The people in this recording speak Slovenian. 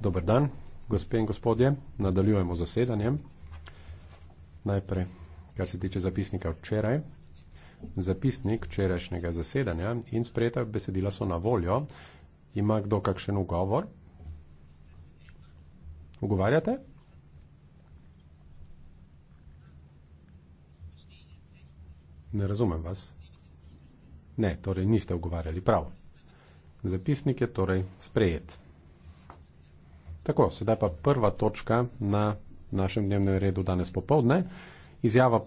Dober dan, gospe in gospodje. Nadaljujemo z zasedanjem. Najprej, kar se tiče zapisnika včeraj. Zapisnik včerajšnjega zasedanja in sprejeta besedila so na voljo. Ima kdo kakšen ugovor? Ugovarjate? Ne razumem vas. Ne, torej niste ugovarjali prav. Zapisnik je torej sprejet. Tako, sedaj pa prva točka na našem dnevnem redu danes popovdne. Izjava